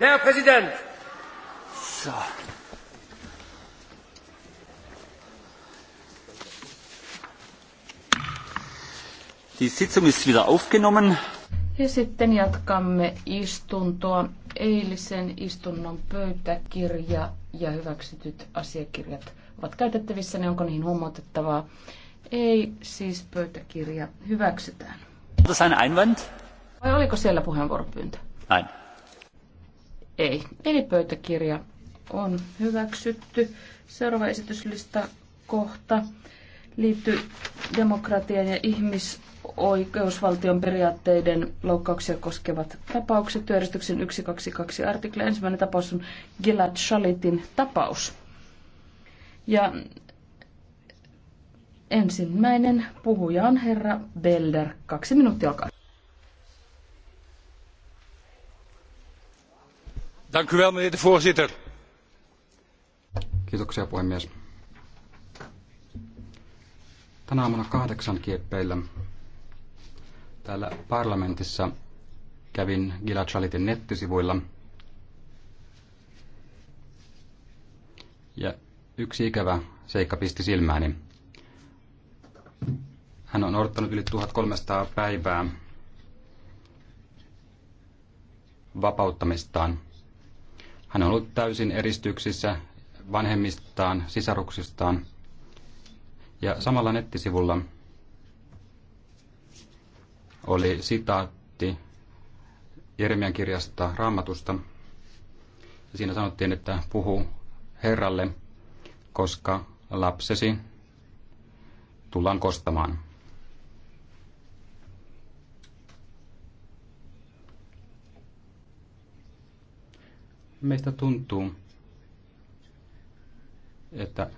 Herr Präsident! So. Die Sitzung ist wieder aufgenommen. Ja sitten jatkamme istuntoa. Eilisen istunnon pöytäkirja ja hyväksytyt asiakirjat ovat käytettävissä. Ne onko niihin huomautettavaa? Ei, siis pöytäkirja hyväksytään. Vai oliko siellä puheenvuoropyyntö? Näin. Ei. Eli pöytäkirja on hyväksytty. Seuraava esityslista kohta liittyy demokratian ja ihmisoikeusvaltion periaatteiden loukkauksia koskevat tapaukset. Työjärjestyksen 122 artikla. Ensimmäinen tapaus on Gilad Shalitin tapaus. Ja ensimmäinen puhuja on herra Belder. Kaksi minuuttia, olkaa Kiitoksia puhemies. Tänä aamuna kahdeksan kieppeillä täällä parlamentissa kävin Gilad Shalitin nettisivuilla. Ja yksi ikävä seikka pisti silmääni. Hän on odottanut yli 1300 päivää vapauttamistaan hän on ollut täysin eristyksissä vanhemmistaan, sisaruksistaan. Ja samalla nettisivulla oli sitaatti Jeremian kirjasta Raamatusta. Siinä sanottiin, että puhu Herralle, koska lapsesi tullaan kostamaan. meistä tuntuu, että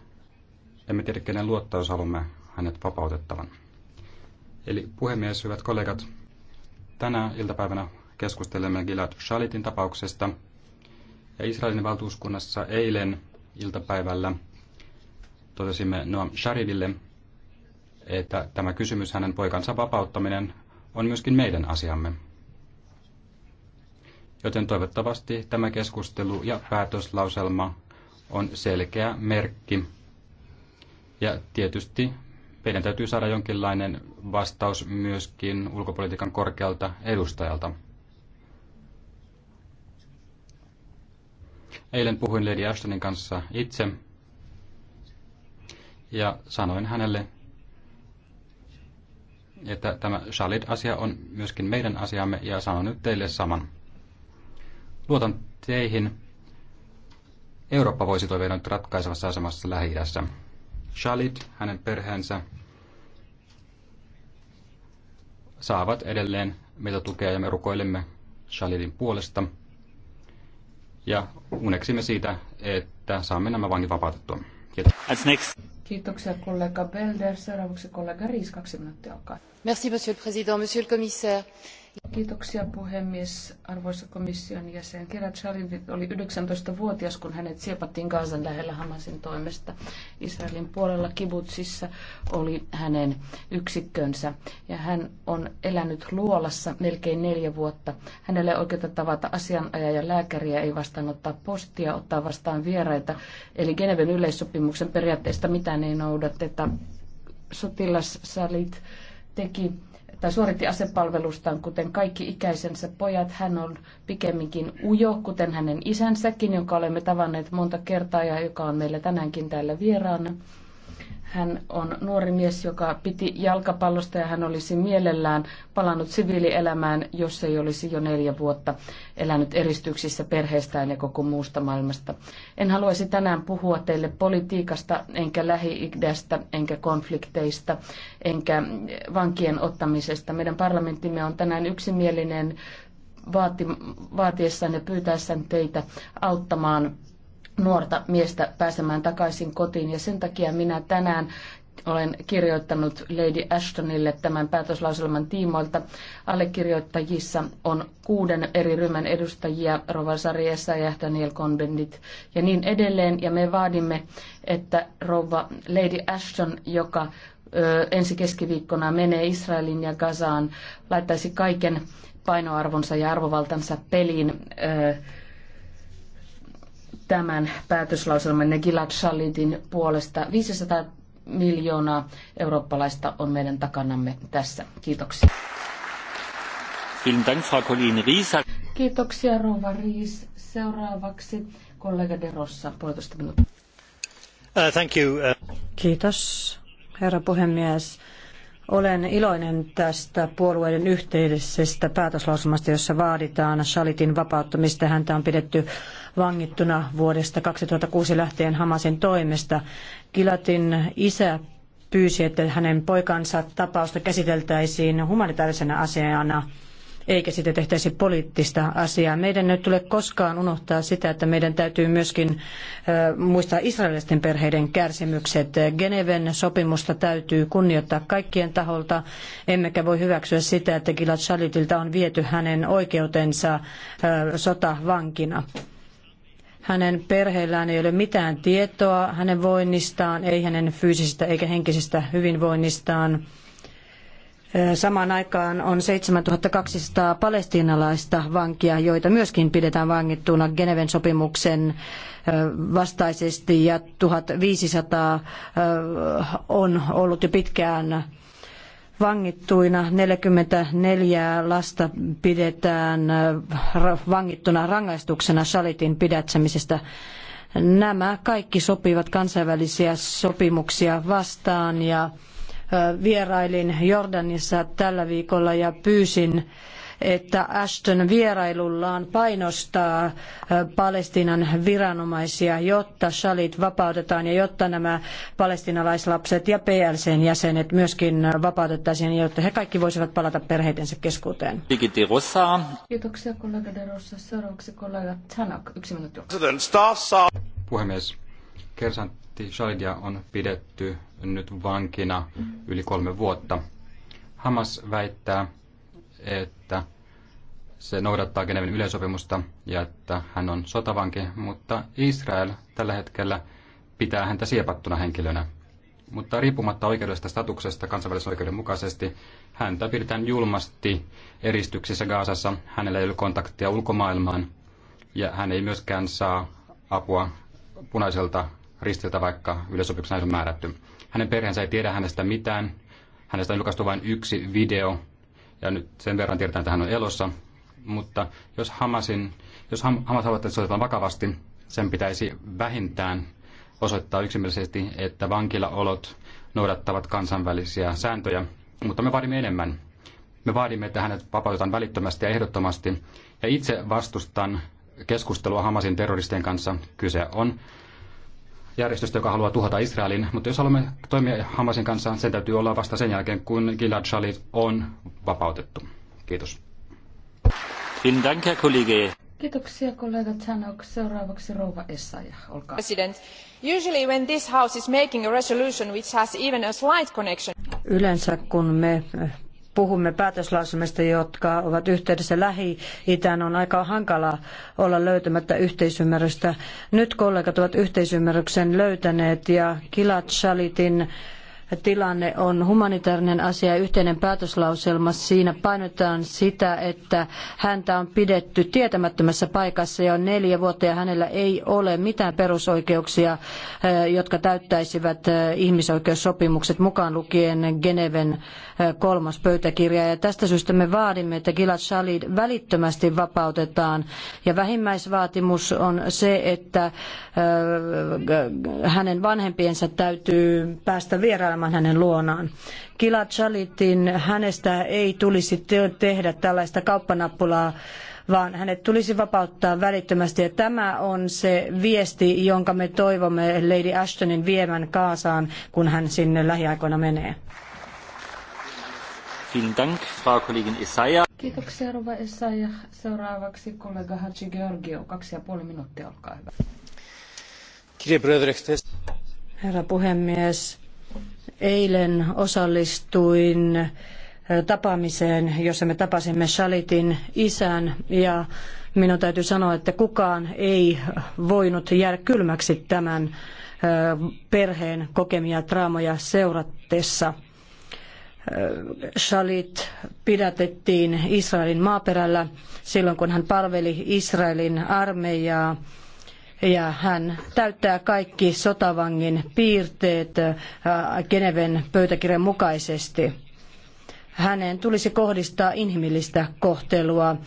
emme tiedä, kenen luottaa, jos haluamme hänet vapautettavan. Eli puhemies, hyvät kollegat, tänä iltapäivänä keskustelemme Gilad Shalitin tapauksesta. Ja Israelin valtuuskunnassa eilen iltapäivällä totesimme Noam Sharidille, että tämä kysymys hänen poikansa vapauttaminen on myöskin meidän asiamme. Joten toivottavasti tämä keskustelu ja päätöslauselma on selkeä merkki. Ja tietysti meidän täytyy saada jonkinlainen vastaus myöskin ulkopolitiikan korkealta edustajalta. Eilen puhuin Lady Ashtonin kanssa itse ja sanoin hänelle, että tämä Shalit-asia on myöskin meidän asiamme ja sanon nyt teille saman. Luotan teihin. Eurooppa voisi toimia nyt ratkaisevassa asemassa Lähi-idässä. Shalit, hänen perheensä, saavat edelleen meitä tukea ja me rukoilemme Shalitin puolesta. Ja uneksimme siitä, että saamme nämä vangit vapautettua. Kiitos. Kiitoksia kollega Belder. Seuraavaksi kollega Riis, kaksi minuuttia, olkaa. Merci, monsieur le président, monsieur le commissaire. Kiitoksia puhemies. Arvoisa komission jäsen Gerard Sharin oli 19-vuotias, kun hänet siepattiin Gazan lähellä Hamasin toimesta. Israelin puolella Kibutsissa oli hänen yksikkönsä ja hän on elänyt luolassa melkein neljä vuotta. Hänelle oikeutta tavata asianajaja lääkäriä ei vastaanottaa postia, ottaa vastaan vieraita. Eli Geneven yleissopimuksen periaatteista mitään ei noudateta. Sotilassalit teki tai suoritti asepalvelustaan, kuten kaikki ikäisensä pojat. Hän on pikemminkin ujo, kuten hänen isänsäkin, jonka olemme tavanneet monta kertaa ja joka on meillä tänäänkin täällä vieraana. Hän on nuori mies, joka piti jalkapallosta ja hän olisi mielellään palannut siviilielämään, jos ei olisi jo neljä vuotta elänyt eristyksissä perheestään ja koko muusta maailmasta. En haluaisi tänään puhua teille politiikasta, enkä lähi enkä konflikteista, enkä vankien ottamisesta. Meidän parlamenttimme on tänään yksimielinen vaati, vaatiessaan ja pyytäessään teitä auttamaan nuorta miestä pääsemään takaisin kotiin ja sen takia minä tänään olen kirjoittanut Lady Ashtonille tämän päätöslauselman tiimoilta. Allekirjoittajissa on kuuden eri ryhmän edustajia, Rova Sariessa ja Daniel Convendit ja niin edelleen. Ja me vaadimme, että Rova Lady Ashton, joka ö, ensi keskiviikkona menee Israelin ja Gazaan, laittaisi kaiken painoarvonsa ja arvovaltansa peliin. Ö, tämän päätöslauselman ja Gilad Shalitin puolesta. 500 miljoonaa eurooppalaista on meidän takanamme tässä. Kiitoksia. Kiitoksia Rova Riis. Seuraavaksi kollega De Rossa, puolitoista minuuttia. Uh, thank you. Uh... Kiitos, herra puhemies. Olen iloinen tästä puolueiden yhteisestä päätöslausumasta, jossa vaaditaan Shalitin vapauttamista. Häntä on pidetty vangittuna vuodesta 2006 lähtien Hamasin toimesta. Kilatin isä pyysi, että hänen poikansa tapausta käsiteltäisiin humanitaarisena asiana eikä sitä tehtäisi poliittista asiaa. Meidän ei tule koskaan unohtaa sitä, että meidän täytyy myöskin muistaa israelisten perheiden kärsimykset. Geneven sopimusta täytyy kunnioittaa kaikkien taholta, emmekä voi hyväksyä sitä, että Gilad Shalitilta on viety hänen oikeutensa sotavankina. Hänen perheellään ei ole mitään tietoa hänen voinnistaan, ei hänen fyysisestä eikä henkisestä hyvinvoinnistaan. Samaan aikaan on 7200 palestiinalaista vankia, joita myöskin pidetään vangittuna Geneven sopimuksen vastaisesti ja 1500 on ollut jo pitkään vangittuina. 44 lasta pidetään äh, vangittuna rangaistuksena Shalitin pidätsemisestä. Nämä kaikki sopivat kansainvälisiä sopimuksia vastaan ja äh, vierailin Jordanissa tällä viikolla ja pyysin että Ashton vierailullaan painostaa Palestiinan viranomaisia, jotta shalit vapautetaan ja jotta nämä palestinalaislapset ja PLCn jäsenet myöskin vapautettaisiin, niin, jotta he kaikki voisivat palata perheidensä keskuuteen. Kiitoksia kollega De Rossa. Seuraavaksi kollega Tanak. Yksi minuutti. Puhemies, kersantti Shalidia on pidetty nyt vankina yli kolme vuotta. Hamas väittää, että se noudattaa Geneven yleisopimusta ja että hän on sotavanki, mutta Israel tällä hetkellä pitää häntä siepattuna henkilönä. Mutta riippumatta oikeudellisesta statuksesta kansainvälisen oikeuden mukaisesti, häntä pidetään julmasti eristyksissä Gaasassa, hänellä ei ole kontaktia ulkomaailmaan ja hän ei myöskään saa apua punaiselta ristiltä, vaikka yleisopimuksena on määrätty. Hänen perheensä ei tiedä hänestä mitään, hänestä on julkaistu vain yksi video, ja nyt sen verran tiedetään, että hän on elossa, mutta jos, Hamasin, jos Ham, Hamas haluaa, että se otetaan vakavasti, sen pitäisi vähintään osoittaa yksimielisesti, että vankilaolot noudattavat kansainvälisiä sääntöjä, mutta me vaadimme enemmän. Me vaadimme, että hänet vapautetaan välittömästi ja ehdottomasti. Ja itse vastustan keskustelua Hamasin terroristien kanssa. Kyse on järjestöstä, joka haluaa tuhota Israelin, mutta jos haluamme toimia Hamasin kanssa, sen täytyy olla vasta sen jälkeen, kun Gilad Shalit on vapautettu. Kiitos. Kiitoksia kollega Tanok. Seuraavaksi rouva Essayah, olkaa. President, usually when this house is making a resolution which has even a slight connection Yleensä kun me puhumme päätöslausumista, jotka ovat yhteydessä Lähi-Itään, on aika hankalaa olla löytämättä yhteisymmärrystä. Nyt kollegat ovat yhteisymmärryksen löytäneet ja Kilat Shalitin tilanne on humanitaarinen asia ja yhteinen päätöslauselma. Siinä painotetaan sitä, että häntä on pidetty tietämättömässä paikassa jo neljä vuotta ja hänellä ei ole mitään perusoikeuksia, eh, jotka täyttäisivät eh, ihmisoikeussopimukset mukaan lukien Geneven eh, kolmas pöytäkirja. Ja tästä syystä me vaadimme, että Gilad Shalit välittömästi vapautetaan. Ja vähimmäisvaatimus on se, että hänen vanhempiensa täytyy päästä vierailemaan palaamaan hänen luonaan. Kila Chalitin hänestä ei tulisi tehdä tällaista kauppanappulaa, vaan hänet tulisi vapauttaa välittömästi. Ja tämä on se viesti, jonka me toivomme Lady Ashtonin viemän Kaasaan, kun hän sinne lähiaikoina menee. dank, Kiitoksia, Rova Essayah. Seuraavaksi kollega Hachi Georgio, kaksi ja puoli minuuttia, olkaa hyvä. Herra puhemies, Eilen osallistuin tapaamiseen, jossa me tapasimme Shalitin isän ja minun täytyy sanoa, että kukaan ei voinut jäädä kylmäksi tämän perheen kokemia traumoja seuratessa. Shalit pidätettiin Israelin maaperällä silloin, kun hän palveli Israelin armeijaa ja hän täyttää kaikki sotavangin piirteet äh, Geneven pöytäkirjan mukaisesti. Häneen tulisi kohdistaa inhimillistä kohtelua äh,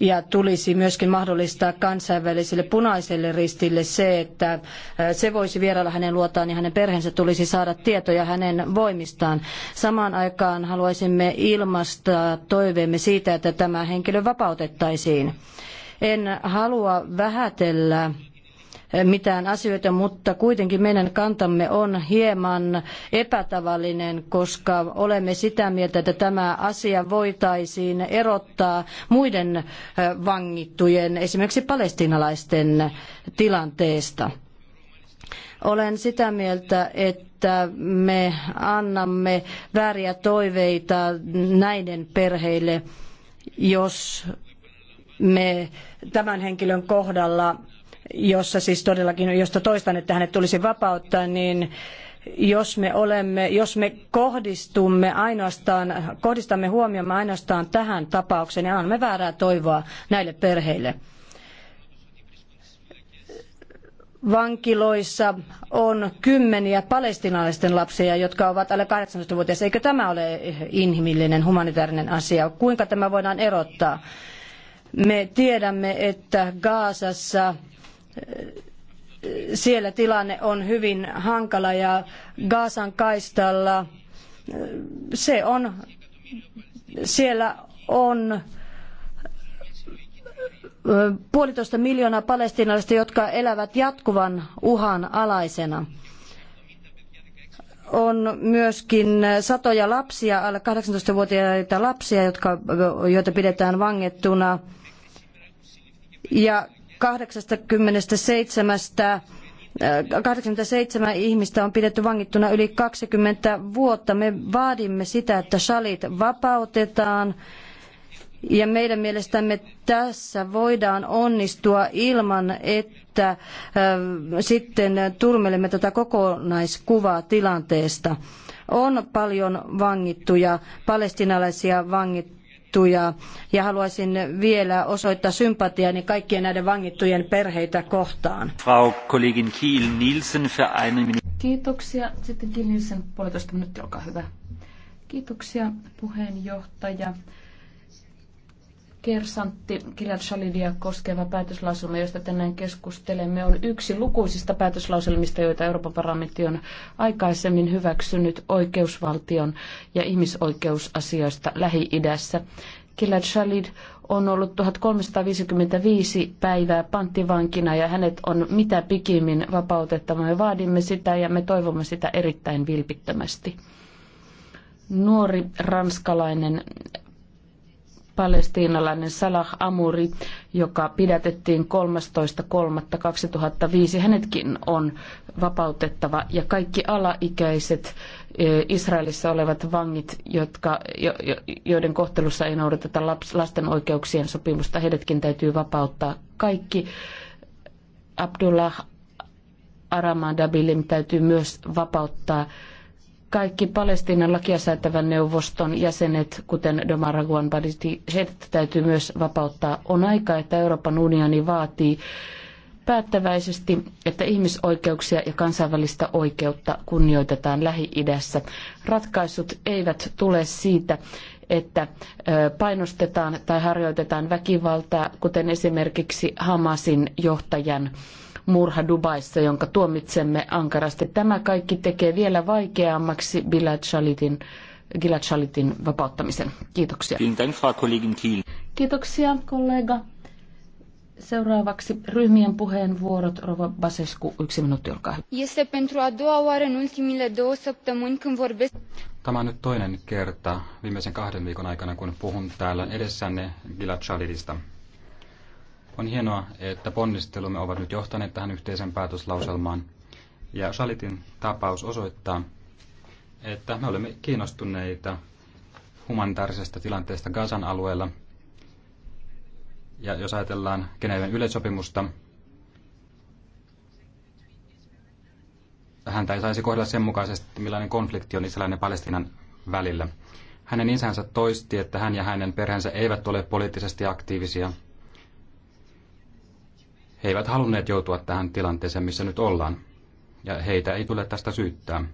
ja tulisi myöskin mahdollistaa kansainväliselle punaiselle ristille se, että äh, se voisi vierailla hänen luotaan ja hänen perheensä tulisi saada tietoja hänen voimistaan. Samaan aikaan haluaisimme ilmaista toiveemme siitä, että tämä henkilö vapautettaisiin. En halua vähätellä mitään asioita, mutta kuitenkin meidän kantamme on hieman epätavallinen, koska olemme sitä mieltä, että tämä asia voitaisiin erottaa muiden vangittujen, esimerkiksi palestiinalaisten tilanteesta. Olen sitä mieltä, että me annamme vääriä toiveita näiden perheille, jos me tämän henkilön kohdalla, jossa siis todellakin, josta toistan, että hänet tulisi vapauttaa, niin jos me, olemme, jos me kohdistumme ainoastaan, kohdistamme huomiomme ainoastaan tähän tapaukseen, niin annamme väärää toivoa näille perheille vankiloissa on kymmeniä palestinalaisten lapsia, jotka ovat alle 18-vuotiaita. Eikö tämä ole inhimillinen, humanitaarinen asia? Kuinka tämä voidaan erottaa? Me tiedämme, että Gaasassa eh, siellä tilanne on hyvin hankala ja Gaasan kaistalla eh, se on, siellä on eh, puolitoista miljoonaa palestiinalaista, jotka elävät jatkuvan uhan alaisena. On myöskin satoja lapsia, alle 18-vuotiaita lapsia, jotka, joita pidetään vangettuna ja 87 87 äh, ihmistä on pidetty vangittuna yli 20 vuotta. Me vaadimme sitä, että shalit vapautetaan ja meidän mielestämme tässä voidaan onnistua ilman, että äh, sitten turmelemme tätä kokonaiskuvaa tilanteesta. On paljon vangittuja, palestinalaisia vangittuja vangittuja ja haluaisin vielä osoittaa sympatiani kaikkien näiden vangittujen perheitä kohtaan. Frau Kollegin Kiel Nielsen für eine Kiitoksia. Sitten Kiel Nielsen puolitoista minuuttia, olkaa hyvä. Kiitoksia puheenjohtaja. Kersantti Kilad Shalidia koskeva päätöslauselma, josta tänään keskustelemme, on yksi lukuisista päätöslauselmista, joita Euroopan parlamentti on aikaisemmin hyväksynyt oikeusvaltion ja ihmisoikeusasioista Lähi-idässä. Kilad Shalid on ollut 1355 päivää panttivankina ja hänet on mitä pikimmin vapautettava. Me vaadimme sitä ja me toivomme sitä erittäin vilpittömästi nuori ranskalainen palestiinalainen Salah Amuri, joka pidätettiin 13.3.2005. Hänetkin on vapautettava ja kaikki alaikäiset e, Israelissa olevat vangit, jotka, joiden kohtelussa ei noudateta lasten oikeuksien sopimusta, heidätkin täytyy vapauttaa. Kaikki Abdullah Aramandabilim täytyy myös vapauttaa kaikki Palestiinan lakia säätävän neuvoston jäsenet, kuten Domaraguan Baditi, heidät täytyy myös vapauttaa. On aika, että Euroopan unioni vaatii päättäväisesti, että ihmisoikeuksia ja kansainvälistä oikeutta kunnioitetaan Lähi-idässä. Ratkaisut eivät tule siitä, että painostetaan tai harjoitetaan väkivaltaa, kuten esimerkiksi Hamasin johtajan murha Dubaissa, jonka tuomitsemme ankarasti. Tämä kaikki tekee vielä vaikeammaksi Bilal Shalitin, Gilad Shalitin vapauttamisen. Kiitoksia. Kiitoksia kollega. Seuraavaksi ryhmien puheenvuorot. Rova Basescu, yksi minuutti, olkaa hyvä. Tämä on nyt toinen kerta viimeisen kahden viikon aikana, kun puhun täällä edessänne Gilad Shalidista. On hienoa, että ponnistelumme ovat nyt johtaneet tähän yhteisen päätöslauselmaan. Ja Shalitin tapaus osoittaa, että me olemme kiinnostuneita humanitaarisesta tilanteesta Gazan alueella. Ja jos ajatellaan Geneven yleisopimusta, häntä ei saisi kohdella sen mukaisesti, millainen konflikti on Israelin ja Palestinan välillä. Hänen isänsä toisti, että hän ja hänen perheensä eivät ole poliittisesti aktiivisia – he eivät halunneet joutua tähän tilanteeseen, missä nyt ollaan, ja heitä ei tule tästä syyttää.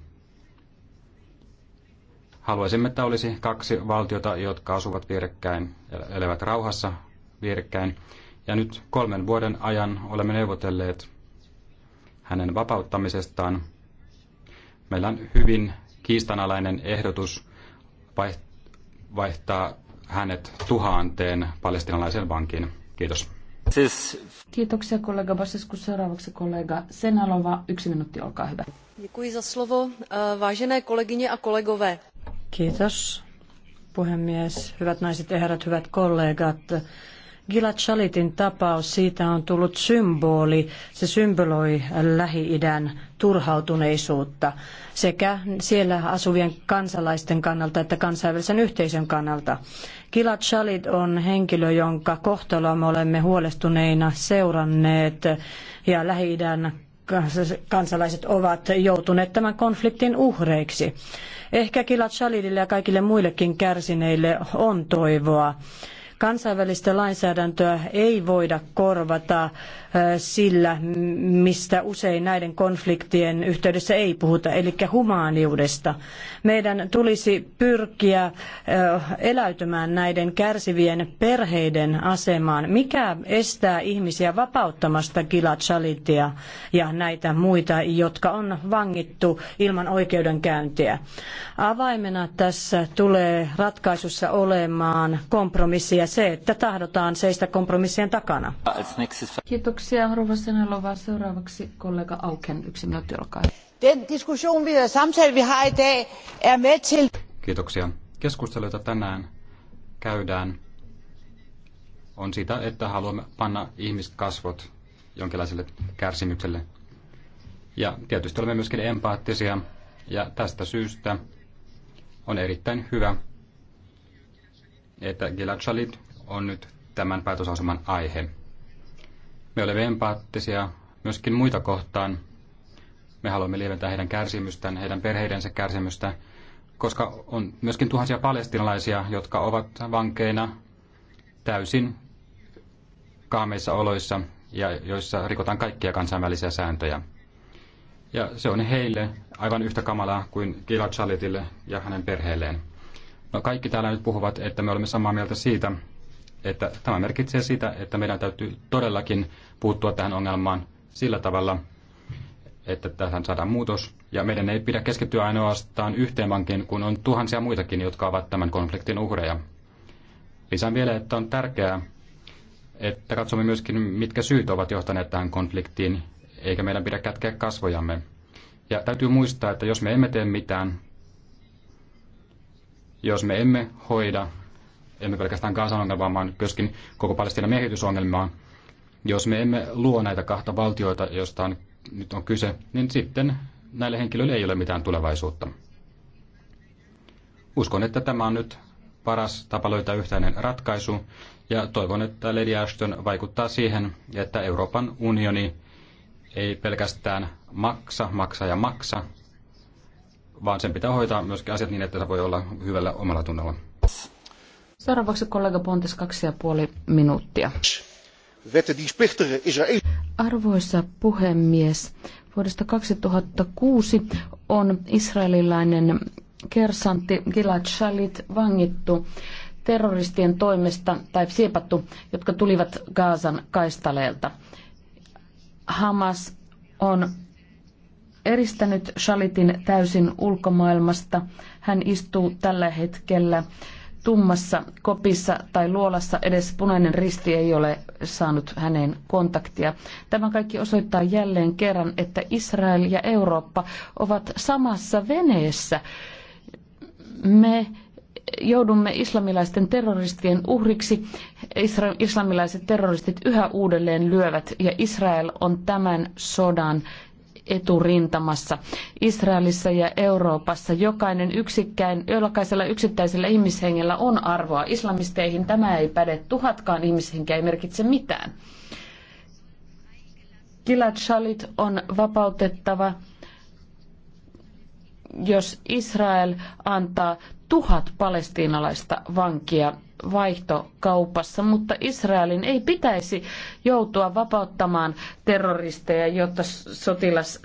Haluaisimme, että olisi kaksi valtiota, jotka asuvat vierekkäin, elävät rauhassa vierekkäin, ja nyt kolmen vuoden ajan olemme neuvotelleet hänen vapauttamisestaan. Meillä on hyvin kiistanalainen ehdotus vaihtaa hänet tuhanteen palestinalaisen vankiin. Kiitos. Siis... Kiitoksia kollega Basescu. Seuraavaksi kollega Senalova. Yksi minuutti, olkaa hyvä. Děkuji za slovo. Eh, vážené kolegyně a kolegové. Kiitos puhemies. Hyvät naiset ja herrat, hyvät kollegat. Gilad Shalitin tapaus, siitä on tullut symboli. Se symboloi Lähi-idän turhautuneisuutta sekä siellä asuvien kansalaisten kannalta että kansainvälisen yhteisön kannalta. Gilad Shalit on henkilö, jonka kohtaloa me olemme huolestuneina seuranneet ja Lähi-idän kansalaiset ovat joutuneet tämän konfliktin uhreiksi. Ehkä Gilad Shalitille ja kaikille muillekin kärsineille on toivoa. Kansainvälistä lainsäädäntöä ei voida korvata sillä, mistä usein näiden konfliktien yhteydessä ei puhuta, eli humaaniudesta. Meidän tulisi pyrkiä eläytymään näiden kärsivien perheiden asemaan. Mikä estää ihmisiä vapauttamasta Gilad Shalitia ja näitä muita, jotka on vangittu ilman oikeudenkäyntiä? Avaimena tässä tulee ratkaisussa olemaan kompromissi ja se, että tahdotaan seistä kompromissien takana. Kiitoksia, Rova Senelova. Seuraavaksi kollega Auken, yksi minuutti, olkaa Den diskussion vi och samtal vi har idag är er med till... Kiitoksia. Keskusteluita tänään käydään, on sitä, että haluamme panna ihmiskasvot jonkinlaiselle kärsimykselle. Ja tietysti olemme myöskin empaattisia, ja tästä syystä on erittäin hyvä, että Gilad Shalit on nyt tämän päätösaseman aihe. Me olemme empaattisia myöskin muita kohtaan. Me haluamme lieventää heidän kärsimystään, heidän perheidensä kärsimystä, koska on myöskin tuhansia palestinalaisia, jotka ovat vankeina täysin kaameissa oloissa ja joissa rikotaan kaikkia kansainvälisiä sääntöjä. Ja se on heille aivan yhtä kamalaa kuin Gilad Shalitille ja hänen perheelleen. No kaikki täällä nyt puhuvat, että me olemme samaa mieltä siitä, että tämä merkitsee sitä, että meidän täytyy todellakin puuttua tähän ongelmaan sillä tavalla, että tähän saadaan muutos. Ja meidän ei pidä keskittyä ainoastaan yhteen vankin, kun on tuhansia muitakin, jotka ovat tämän konfliktin uhreja. Lisään vielä, että on tärkeää, että katsomme myöskin, mitkä syyt ovat johtaneet tähän konfliktiin, eikä meidän pidä kätkeä kasvojamme. Ja täytyy muistaa, että jos me emme tee mitään, jos me emme hoida, emme pelkästään Gaasan ongelmaa, vaan myöskin koko Palestinan miehitysongelmaa, jos me emme luo näitä kahta valtioita, joista on, nyt on kyse, niin sitten näille henkilöille ei ole mitään tulevaisuutta. Uskon, että tämä on nyt paras tapa löytää yhtäinen ratkaisu, ja toivon, että Lady Ashton vaikuttaa siihen, että Euroopan unioni ei pelkästään maksa, maksa ja maksa, vaan sen pitää hoitaa myöskin asiat niin, että se voi olla hyvällä omalla tunnolla. Seuraavaksi kollega Pontes kaksi ja puoli minuuttia. Er Arvoisa puhemies, vuodesta 2006 on israelilainen kersantti Gilad Shalit vangittu terroristien toimesta tai siepattu, jotka tulivat Gaasan kaistaleelta. Hamas on eristänyt Shalitin täysin ulkomaailmasta. Hän istuu tällä hetkellä tummassa kopissa tai luolassa edes punainen risti ei ole saanut häneen kontaktia. Tämä kaikki osoittaa jälleen kerran, että Israel ja Eurooppa ovat samassa veneessä. Me joudumme islamilaisten terroristien uhriksi. Islamilaiset terroristit yhä uudelleen lyövät ja Israel on tämän sodan eturintamassa Israelissa ja Euroopassa. Jokainen yksikkäin, jokaisella yksittäisellä ihmishengellä on arvoa. Islamisteihin tämä ei päde. Tuhatkaan ihmishenkeä ei merkitse mitään. Gilad Shalit on vapautettava jos Israel antaa tuhat palestiinalaista vankia vaihtokaupassa, mutta Israelin ei pitäisi joutua vapauttamaan terroristeja, jotta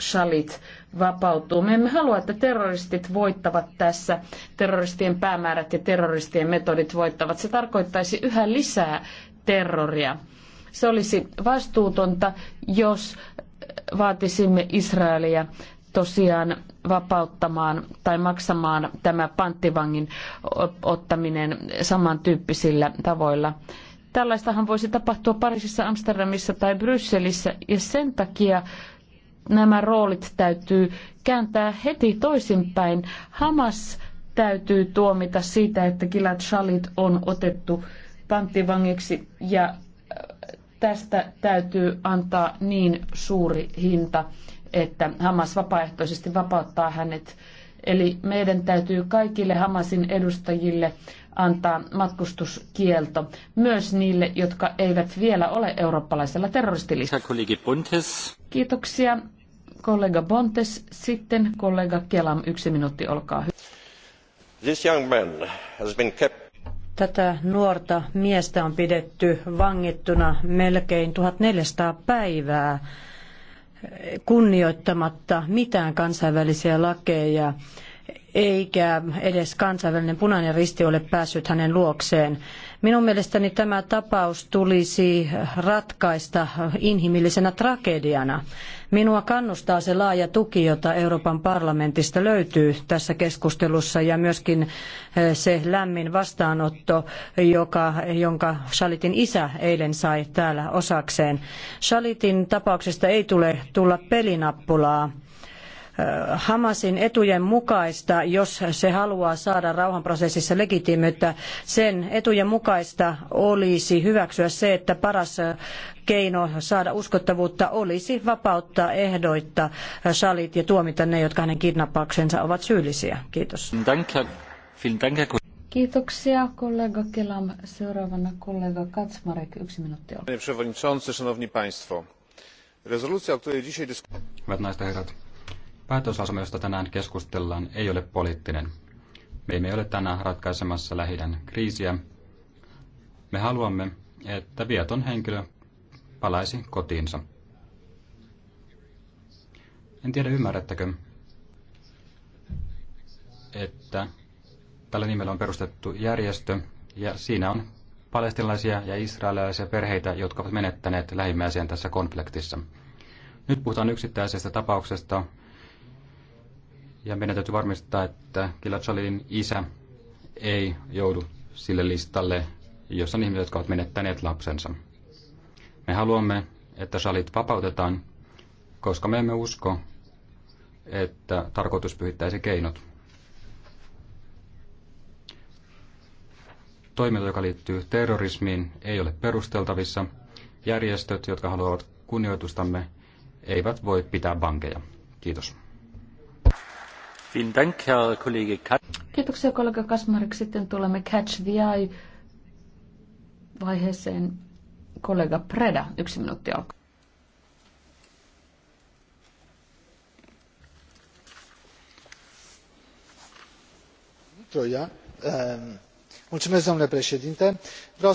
Shalit vapautuu. Me emme halua, että terroristit voittavat tässä. Terroristien päämäärät ja terroristien metodit voittavat. Se tarkoittaisi yhä lisää terroria. Se olisi vastuutonta, jos vaatisimme Israelia tosiaan vapauttamaan tai maksamaan tämä panttivangin ottaminen samantyyppisillä tavoilla. Tällaistahan voisi tapahtua Pariisissa, Amsterdamissa tai Brysselissä ja sen takia nämä roolit täytyy kääntää heti toisinpäin. Hamas täytyy tuomita siitä, että Gilad Shalit on otettu panttivangiksi ja tästä täytyy antaa niin suuri hinta, että Hamas vapaaehtoisesti vapauttaa hänet. Eli meidän täytyy kaikille Hamasin edustajille antaa matkustuskielto, myös niille, jotka eivät vielä ole eurooppalaisella terroristilistalla. Kiitoksia kollega Bontes, sitten kollega Kelam, yksi minuutti, olkaa hyvä. This young man has been kept... Tätä nuorta miestä on pidetty vangittuna melkein 1400 päivää kunnioittamatta mitään kansainvälisiä lakeja, eikä edes kansainvälinen punainen risti ole päässyt hänen luokseen. Minun mielestäni tämä tapaus tulisi ratkaista inhimillisenä tragediana. Minua kannustaa se laaja tuki, jota Euroopan parlamentista löytyy tässä keskustelussa ja myöskin eh, se lämmin vastaanotto, joka, jonka Shalitin isä eilen sai täällä osakseen. Shalitin tapauksesta ei tule tulla pelinappulaa Hamasin etujen mukaista, jos se haluaa saada rauhanprosessissa legitiimiyttä, sen etujen mukaista olisi hyväksyä se, että paras keino saada uskottavuutta olisi vapauttaa ehdoitta Shalit ja tuomita ne, jotka hänen kidnappauksensa ovat syyllisiä. Kiitos. Kiitoksia kollega Kelam. Seuraavana kollega Kaczmarek, yksi minuutti. Päätöslausuma, josta tänään keskustellaan, ei ole poliittinen. Me emme ole tänään ratkaisemassa lähidän kriisiä. Me haluamme, että vieton henkilö palaisi kotiinsa. En tiedä ymmärrättekö, että tällä nimellä on perustettu järjestö, ja siinä on palestinalaisia ja israelilaisia perheitä, jotka ovat menettäneet lähimmäisiä tässä konfliktissa. Nyt puhutaan yksittäisestä tapauksesta, ja meidän täytyy varmistaa, että Gilad isä ei joudu sille listalle, jossa on ihmiset, jotka ovat menettäneet lapsensa. Me haluamme, että salit vapautetaan, koska me emme usko, että tarkoitus pyhittäisi keinot. Toiminta, joka liittyy terrorismiin, ei ole perusteltavissa. Järjestöt, jotka haluavat kunnioitustamme, eivät voi pitää vankeja. Kiitos. Kiitoksia kollega Kasmarik. Sitten tulemme Catch the Eye-vaiheeseen. Kollega Preda, yksi minuutti alkaa. Ehm, domnule președinte vreau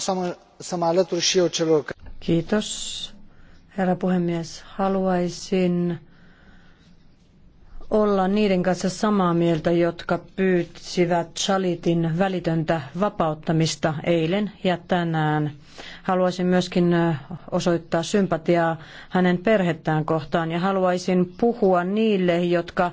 să mă alătur și eu celor care. Kiitos, herra puhemies. Haluaisin olla niiden kanssa samaa mieltä, jotka pyytsivät Chalitin välitöntä vapauttamista eilen ja tänään. Haluaisin myöskin osoittaa sympatiaa hänen perhettään kohtaan ja haluaisin puhua niille, jotka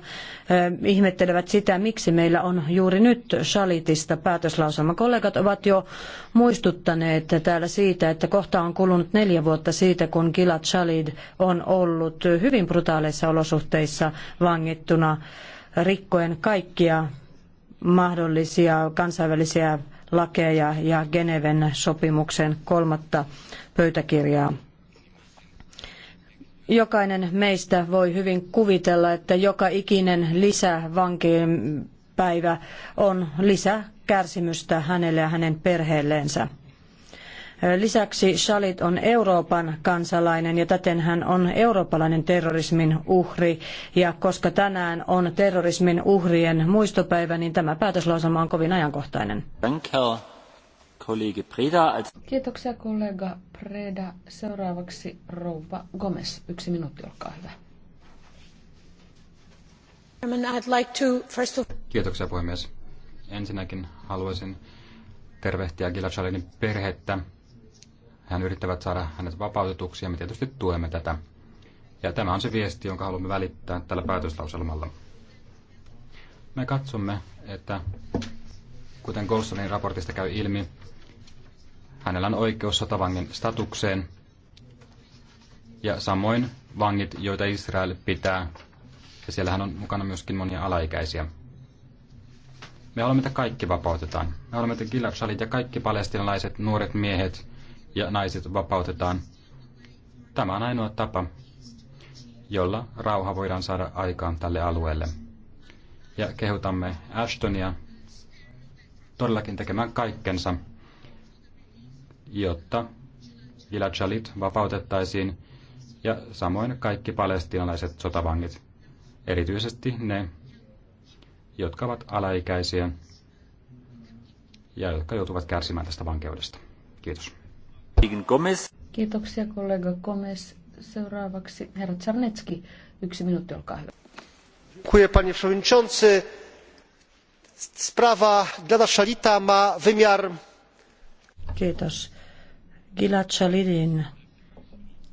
ihmettelevät sitä, miksi meillä on juuri nyt Chalitista päätöslauselma. Kollegat ovat jo muistuttaneet täällä siitä, että kohta on kulunut neljä vuotta siitä, kun Gilad Shalit on ollut hyvin brutaaleissa olosuhteissa vangittu sovittuna rikkoen kaikkia mahdollisia kansainvälisiä lakeja ja Geneven sopimuksen kolmatta pöytäkirjaa. Jokainen meistä voi hyvin kuvitella, että joka ikinen lisävankipäivä on lisäkärsimystä hänelle ja hänen perheelleensä. Lisäksi Shalit on Euroopan kansalainen ja täten hän on eurooppalainen terrorismin uhri. Ja koska tänään on terrorismin uhrien muistopäivä, niin tämä päätöslauselma on kovin ajankohtainen. Kiitoksia kollega Preda. Seuraavaksi rouva Gomez. Yksi minuutti, olkaa hyvä. Kiitoksia puhemies. Ensinnäkin haluaisin tervehtiä Gilad Shalinin perhettä hän yrittävät saada hänet vapautetuksi ja me tietysti tuemme tätä. Ja tämä on se viesti, jonka haluamme välittää tällä päätöslauselmalla. Me katsomme, että kuten Golsonin raportista käy ilmi, hänellä on oikeus sotavangin statukseen ja samoin vangit, joita Israel pitää. Ja siellähän on mukana myöskin monia alaikäisiä. Me haluamme, että kaikki vapautetaan. Me haluamme, että Gilad ja kaikki palestinalaiset nuoret miehet – ja naiset vapautetaan. Tämä on ainoa tapa, jolla rauha voidaan saada aikaan tälle alueelle. Ja kehutamme Ashtonia todellakin tekemään kaikkensa, jotta Ilachalit vapautettaisiin ja samoin kaikki palestinalaiset sotavangit, erityisesti ne, jotka ovat alaikäisiä ja jotka joutuvat kärsimään tästä vankeudesta. Kiitos. Kiitoksia kollega Gomez. Seuraavaksi herra Czarnecki. Yksi minuutti, olkaa hyvä. Dziękuję panie przewodniczący. Sprawa Gilada Shalita ma wymiar... Kiitos. Gilad Shalitin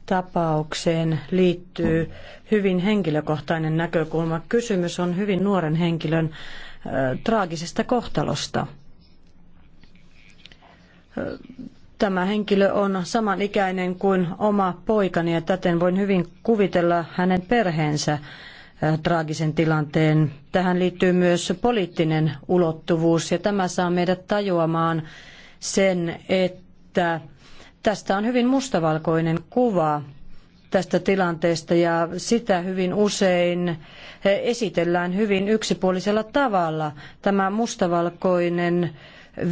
tapaukseen liittyy hyvin henkilökohtainen näkökulma. Kysymys on hyvin nuoren henkilön äh, traagisesta kohtalosta. Tämä henkilö on samanikäinen kuin oma poikani ja täten voin hyvin kuvitella hänen perheensä äh, traagisen tilanteen. Tähän liittyy myös poliittinen ulottuvuus ja tämä saa meidät tajuamaan sen, että tästä on hyvin mustavalkoinen kuva tästä tilanteesta ja sitä hyvin usein äh, esitellään hyvin yksipuolisella tavalla. Tämä mustavalkoinen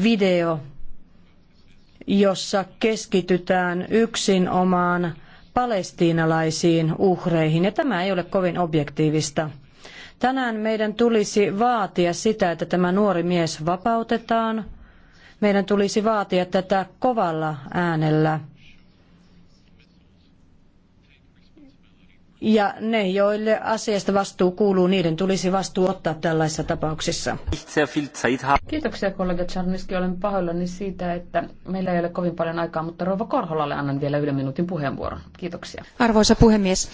video jossa keskitytään yksinomaan palestiinalaisiin uhreihin, ja tämä ei ole kovin objektiivista. Tänään meidän tulisi vaatia sitä, että tämä nuori mies vapautetaan. Meidän tulisi vaatia tätä kovalla äänellä. Ja ne, joille asiasta vastuu kuuluu, niiden tulisi vastuu ottaa tällaisissa tapauksissa. Kiitoksia kollega Czarniski. Olen pahoillani siitä, että meillä ei ole kovin paljon aikaa, mutta Rova Korholalle annan vielä yhden minuutin puheenvuoron. Kiitoksia. Arvoisa puhemies,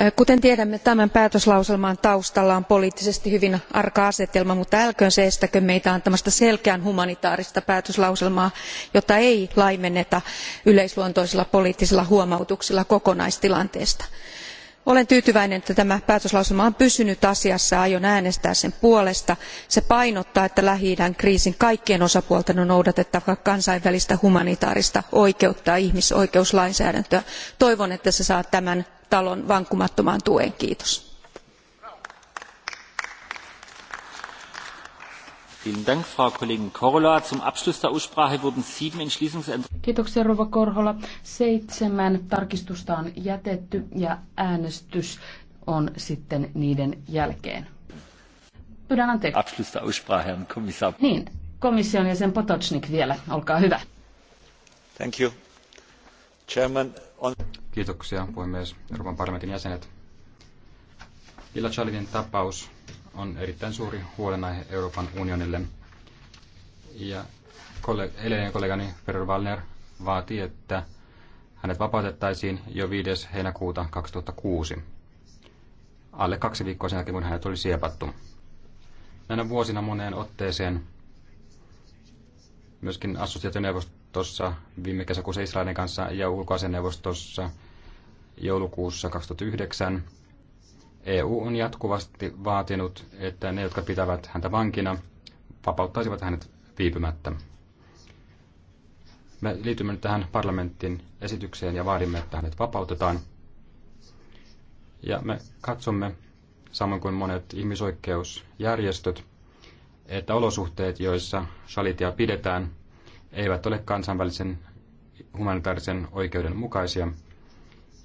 äh, kuten tiedämme, tämän päätöslauselman taustalla on poliittisesti hyvin arka asetelma, mutta älköön se estäkö meitä antamasta selkeän humanitaarista päätöslauselmaa, jota ei laimenneta yleisluontoisilla poliittisilla huomautuksilla kokonaistilanteesta olen tyytyväinen että tämä päätöslauselma on pysynyt asiassa ja aion äänestää sen puolesta. se painottaa että lähi idän kriisin kaikkien osapuolten on noudatettava kansainvälistä humanitaarista oikeutta ja ihmisoikeuslainsäädäntöä. toivon että se saa tämän talon vankkumattoman tuen. kiitos. Kiitoksia Rova Korhola. Seitsemän tarkistusta on jätetty ja äänestys on sitten niiden jälkeen. Pyydän anteeksi. Abschluss der Niin, komission jäsen Potocnik vielä. Olkaa hyvä. Thank you. Chairman, on... Kiitoksia puhemies, Euroopan parlamentin jäsenet. Hilla Chalivin tapaus on erittäin suuri huolenaihe Euroopan unionille. Ja kollega, kollegani Ferrer Wallner vaati, että hänet vapautettaisiin jo 5. heinäkuuta 2006, alle kaksi viikkoa sen jälkeen, kun hänet oli siepattu. Näinä vuosina moneen otteeseen myöskin assosiaationeuvostossa viime kesäkuussa Israelin kanssa ja ulkoasianneuvostossa joulukuussa 2009 EU on jatkuvasti vaatinut, että ne, jotka pitävät häntä vankina, vapauttaisivat hänet viipymättä. Me liitymme nyt tähän parlamentin esitykseen ja vaadimme, että hänet vapautetaan. Ja me katsomme, samoin kuin monet ihmisoikeusjärjestöt, että olosuhteet, joissa salitia pidetään, eivät ole kansainvälisen humanitaarisen oikeuden mukaisia.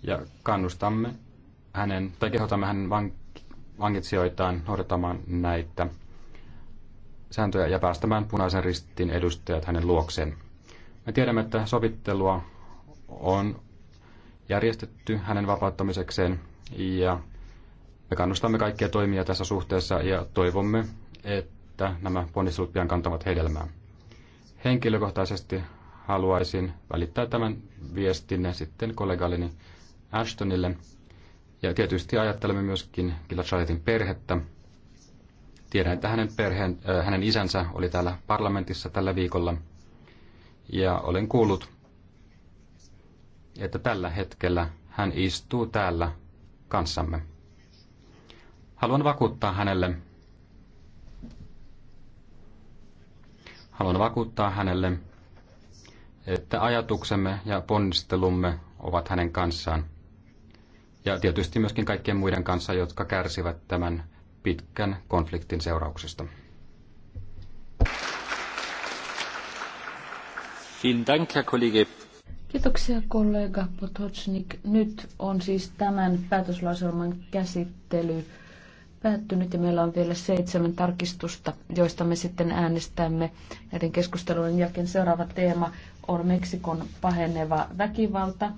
Ja kannustamme hänen, tai kehotamme hänen vankitsijoitaan noudattamaan näitä sääntöjä ja päästämään punaisen ristin edustajat hänen luokseen. Me tiedämme, että sovittelua on järjestetty hänen vapauttamisekseen ja me kannustamme kaikkia toimia tässä suhteessa ja toivomme, että nämä ponnistelut pian kantavat hedelmää. Henkilökohtaisesti haluaisin välittää tämän viestinne sitten kollegalleni Ashtonille. Ja tietysti ajattelemme myöskin Gilad perhettä. Tiedän, että hänen, perheen, äh, hänen isänsä oli täällä parlamentissa tällä viikolla ja olen kuullut, että tällä hetkellä hän istuu täällä kanssamme. Haluan vakuuttaa hänelle, haluan vakuuttaa hänelle, että ajatuksemme ja ponnistelumme ovat hänen kanssaan. Ja tietysti myöskin kaikkien muiden kanssa, jotka kärsivät tämän pitkän konfliktin seurauksista. Kiitoksia kollega Potocnik. Nyt on siis tämän päätöslauselman käsittely päättynyt ja meillä on vielä seitsemän tarkistusta, joista me sitten äänestämme näiden keskustelujen jälkeen. Seuraava teema on Meksikon paheneva väkivalta.